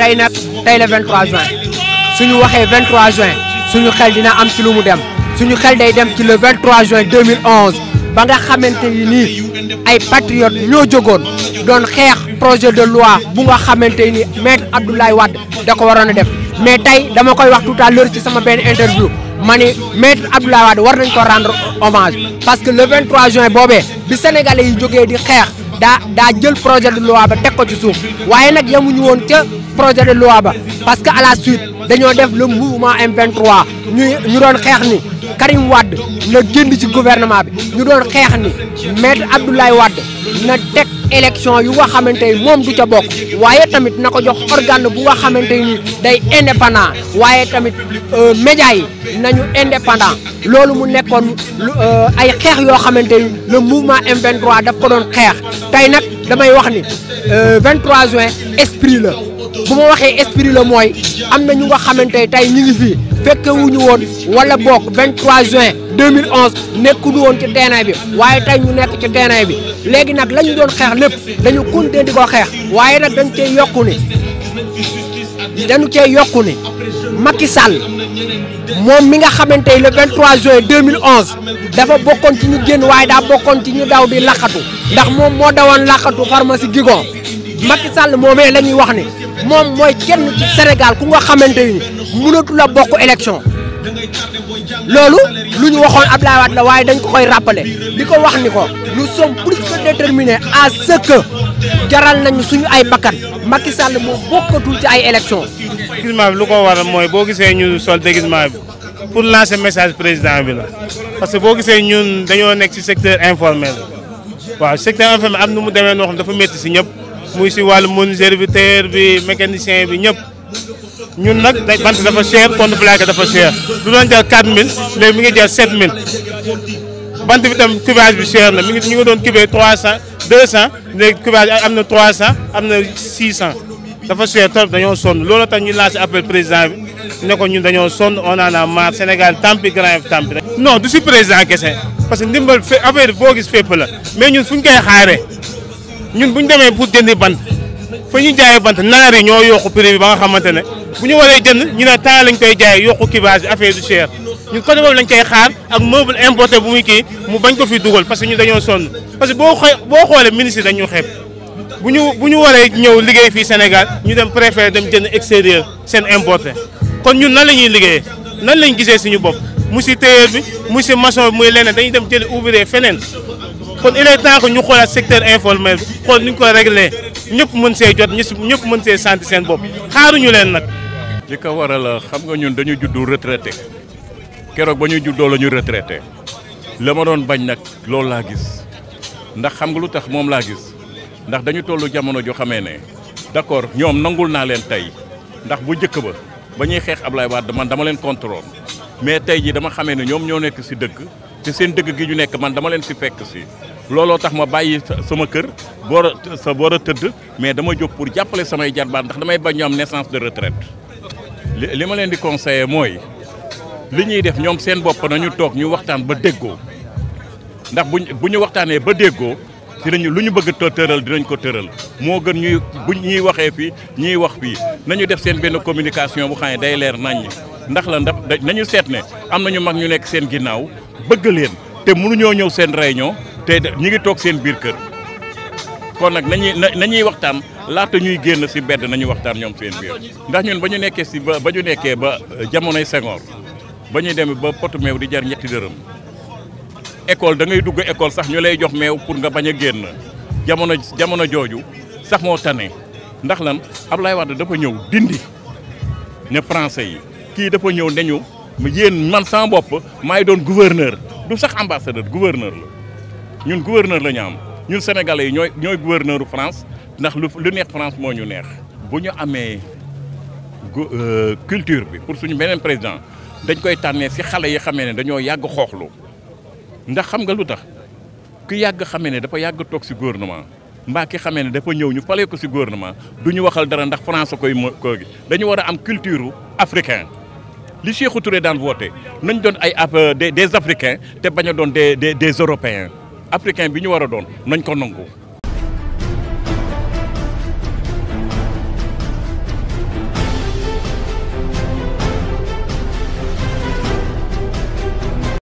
tey nag tey la 23 juin suñu waxee 23 juin suñu xel dina am si lu mu dem suñu xel day dem ci le 23 juin 2011 ba nga xamante ni nii ay patriotes ñoo jógoon doon xeex projet de loi bu nga xamante ni maître Abdoulaye Wade da ko waroon a def mais tey dama koy wax tout à l'heure ci sama benn interview ma ni maître Abdoulaye Wade war nañ ko rendre hommage parce que le 23 juin boobee bi sénégalais yi jógee di xeex daa daa jël projet de loi ba teg ko ci suuf waaye nag yamuñu woon ca projet de loi ba parce que à la suite dañoo def le mouvement M23 ñu ñu doon xeex ni Karim wadd na génn ci gouvernement bi ñu doon xeex ni maître Abdoulaye Wade na teg élection yu nga xamante ni moom du ca bokk waaye tamit na ko jox organe bu nga xamante ni day indépendant waaye tamit euh, média yi nañu indépendant loolu mu nekkoon euh, ay xeex yoo xamante ni le mouvement M23 daf ko doon xeex tey nag damay wax ni 23 euh, juin esprit la bu ma waxee esprit la mooy am na ñu nga xamante tey ñu ngi fii fekkewuñu woon wala bokk 23 juin 2011 nekkuñu woon ci terrain bi waaye tey ñu nekk ci terrain bi léegi nag la ñu doon xeex lépp dañu continuer di ko xeex waaye nag dañ cee yokku dañu cee yokku ne makki Sall moom mi nga xamante le 23 juin 2011 dafa bokkoon ci ñu génn waaye daa bokkoon ci ñu daw di laqatu ndax moom moo dawoon laqatu pharmacie Gigon makki Sall moomee la ñuy wax ni moom mooy kenn ci Sénégal ku nga xamante ni mënatu a bokk élection loolu lu ñu waxoon Abdoulaye Wade la waaye dañ ko koy rappeler li ko wax ni ko lu sommes plus que déterminés à ce que jaral nañu suñu ay bakkan Macky Sall moo bokkatul ci ay élection déguisement bi lu ko waral mooy boo gisee ñu sol déguisement bi pour lancer message président bi la parce que boo gisee ñun dañoo nekk ci secteur informel waaw secteur informel am nu mu demee noo xam dafa métti si ñëpp muy si wàllu menuisier bi tailleur bi mécanicien bi ñëpp ñun nag bant dafa cher contre plaque dafa cher du doon jar 4000 léegi mi ngi jar 7000 bant bi tam cubage bi cher na mi ngi ñu ngi doon cubé 300 200 léegi cubage am na 300 am na 600 dafa cher trop dañoo sonn loolu tax ñu lancé appel président bi ne ñun dañoo son on en a marre Sénégal tampi Grand Yoff tampi rek. non du si président kese parce que ndimbal fe affaire boo gis fépp la mais ñun fu ñu koy xaaree. ñun bu ñu demee pour jëndi bant fa ñu jaayee bant naar ñoo yokku prix bi ba nga xamante ne bu ñu waree jënd ñu ne temps lañ koy jaay yokku kibage bi affaire du cher ñun côté boobu lañ koy xaar ak meuble importé bu muy kii mu bañ ko fi dugal parce que ñu dañoo sonn parce que boo xoolee boo xoolee ministre dañu xeeb bu ñu bu ñu waree ñëw liggéey fii Sénégal ñu dem préféré dem jënd extérieur seen importé kon ñun nan la ñuy liggéeye nan lañ gisee suñu bopp mu si téyeer bi mu si maçon bi muy dañuy dem jëli ouvrier feneen kon il est ñu xoolaat secteur informel bi xool ni ñu ko réglé ñëpp mën see jot ñëpp mën see sant seen bopp xaaruñu leen nag. li ko waral xam nga ñun dañu juddu retraité keroog ba ñu juddoo la ñu retraité la ma doon bañ nag loolu laa gis ndax xam nga lu tax moom laa gis ndax dañu tollu jamono joo xamee ne d'accord ñoom nangul naa leen tey ndax bu njëkk ba ba ñuy xeex ab Ablaye Wade man dama leen contrôle mais tey jii dama xamee ne ñoom ñoo nekk si dëgg seen dëgg gi ñu nekk man dama leen ci fekk looloo tax ma bàyyi sama kër boor sa boor a tëdd mais dama jóg pour jàppale samay jarbaat ndax damay bañ ñu am naissance de retraite li ma leen di conseiller mooy li ñuy def ñoom seen bopp nañu toog ñu waxtaan ba déggoo ndax buñ bu ñu waxtaanee ba déggoo ci dinañu lu ñu bëgg a tëral dinañ ko tëral moo gën ñuy bu ñuy waxee fii ñuy wax fii nañu def seen benn communication bu xam ne day leer naññ ndax la ndax nañu seet ne am nañu mag ñu nekk seen ginnaaw bëgg leen te mënuñoo ñëw seen réunion te ñu ngi toog seen biir kër kon nag nañuy nañuy waxtaan laata ñuy génn si bedd nañu waxtaan ñoom seen biir ndax ñun ba ñu nekkee si ba ba ñu nekkee ba euh, jamonoy Senghor ba ñuy demee ba potu meew di jar ñetti dërëm école da ngay dugg école sax ñu lay jox meew pour nga bañ a génn jamono jamono jooju sax moo tane ndax lan Ablaye Wade dafa ñëw dindi ne français yi kii dafa ñëw ne ñu yéen man sama bopp maay doon gouverneur du sax ambassadeur gouverneur la. ñun gouverneur la ñu am ñun sénégalais yi ñooy ñooy gouverneuru France ndax lu lu neex France moo ñu neex. bu ñu amee euh, culture bi pour suñu beneen président dañ koy tànnee si xale yi xamee ne dañoo yàgg xooxlu ndax xam nga lu tax ku yàgg xamee ne dafa yàgg toog si gouvernement mbaa ki xamee ne dafa ñëw ñu falee ko si gouvernement du ñu waxal dara ndax France koy mo koo gi dañu war a am culture africain li Sékou Touré daan woote nañ doon ay des des africains te bañ a doon des des des européens. africain bi ñu war doon nañ ko nangu